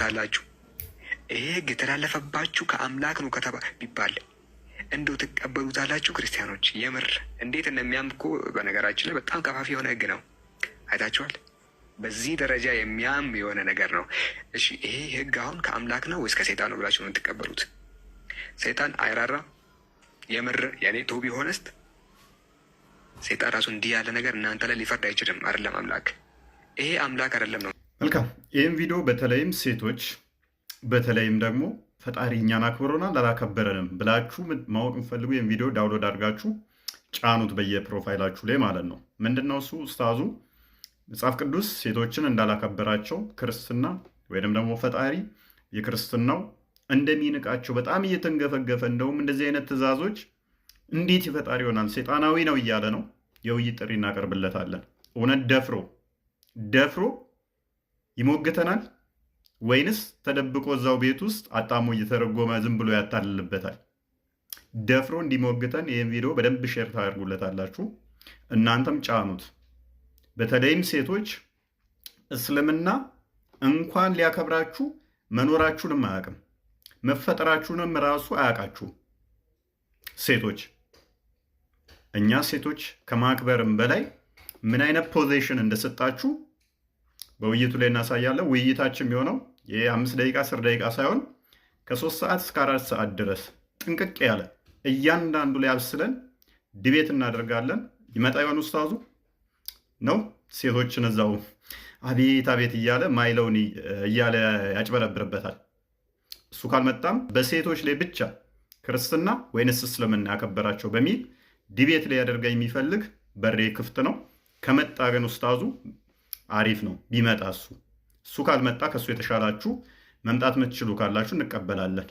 ታላችሁ። ይሄ ህግ የተላለፈባችሁ ከአምላክ ነው ከተባ ቢባል እንደው ትቀበሉታላችሁ? ክርስቲያኖች የምር እንዴት እንደሚያምር እኮ በነገራችን ላይ በጣም ከፋፊ የሆነ ህግ ነው። አይታችኋል። በዚህ ደረጃ የሚያም የሆነ ነገር ነው። እሺ ይሄ ህግ አሁን ከአምላክ ነው ወይስ ከሴጣን ነው ብላችሁ ነው የምትቀበሉት? ሰይጣን አይራራ የምር የኔ ቶቢ ሆነስት ሰይጣን ራሱ እንዲህ ያለ ነገር እናንተ ላይ ሊፈርድ አይችልም። አይደለም አምላክ ይሄ አምላክ አይደለም ነው መልካም ይህም ቪዲዮ በተለይም ሴቶች በተለይም ደግሞ ፈጣሪ እኛን አክብሮናል አላከበረንም ብላችሁ ማወቅ የምፈልጉ ይህም ቪዲዮ ዳውንሎድ አድርጋችሁ ጫኑት በየፕሮፋይላችሁ ላይ ማለት ነው። ምንድነው እሱ ኡስታዙ መጽሐፍ ቅዱስ ሴቶችን እንዳላከበራቸው ክርስትና ወይም ደግሞ ፈጣሪ የክርስትናው እንደሚንቃቸው በጣም እየተንገፈገፈ እንደውም እንደዚህ አይነት ትእዛዞች እንዴት ይፈጣሪ ይሆናል ሴጣናዊ ነው እያለ ነው የውይይት ጥሪ እናቀርብለታለን። እውነት ደፍሮ ደፍሮ ይሞግተናል ወይንስ ተደብቆ እዛው ቤት ውስጥ አጣሞ እየተረጎመ ዝም ብሎ ያታልልበታል? ደፍሮ እንዲሞግተን ይህም ቪዲዮ በደንብ ሼር ታደርጉለታላችሁ። እናንተም ጫኑት። በተለይም ሴቶች እስልምና እንኳን ሊያከብራችሁ መኖራችሁንም አያውቅም፣ መፈጠራችሁንም ራሱ አያውቃችሁ። ሴቶች እኛ ሴቶች ከማክበርም በላይ ምን አይነት ፖዚሽን እንደሰጣችሁ በውይይቱ ላይ እናሳያለን። ውይይታችን የሚሆነው የአምስት ደቂቃ አስር ደቂቃ ሳይሆን ከሶስት ሰዓት እስከ አራት ሰዓት ድረስ ጥንቅቅ ያለ እያንዳንዱ ላይ አብስለን ድቤት እናደርጋለን። ይመጣ ይሆን ውስታዙ ነው ሴቶችን እዛው አቤት አቤት እያለ ማይለውን እያለ ያጭበረብርበታል። እሱ ካልመጣም በሴቶች ላይ ብቻ ክርስትና ወይንስ እስልምና ያከበራቸው በሚል ዲቤት ላይ ያደርጋ የሚፈልግ በሬ ክፍት ነው። ከመጣ ግን ውስታዙ አሪፍ ነው ቢመጣ እሱ እሱ ካልመጣ ከእሱ የተሻላችሁ መምጣት የምትችሉ ካላችሁ እንቀበላለን።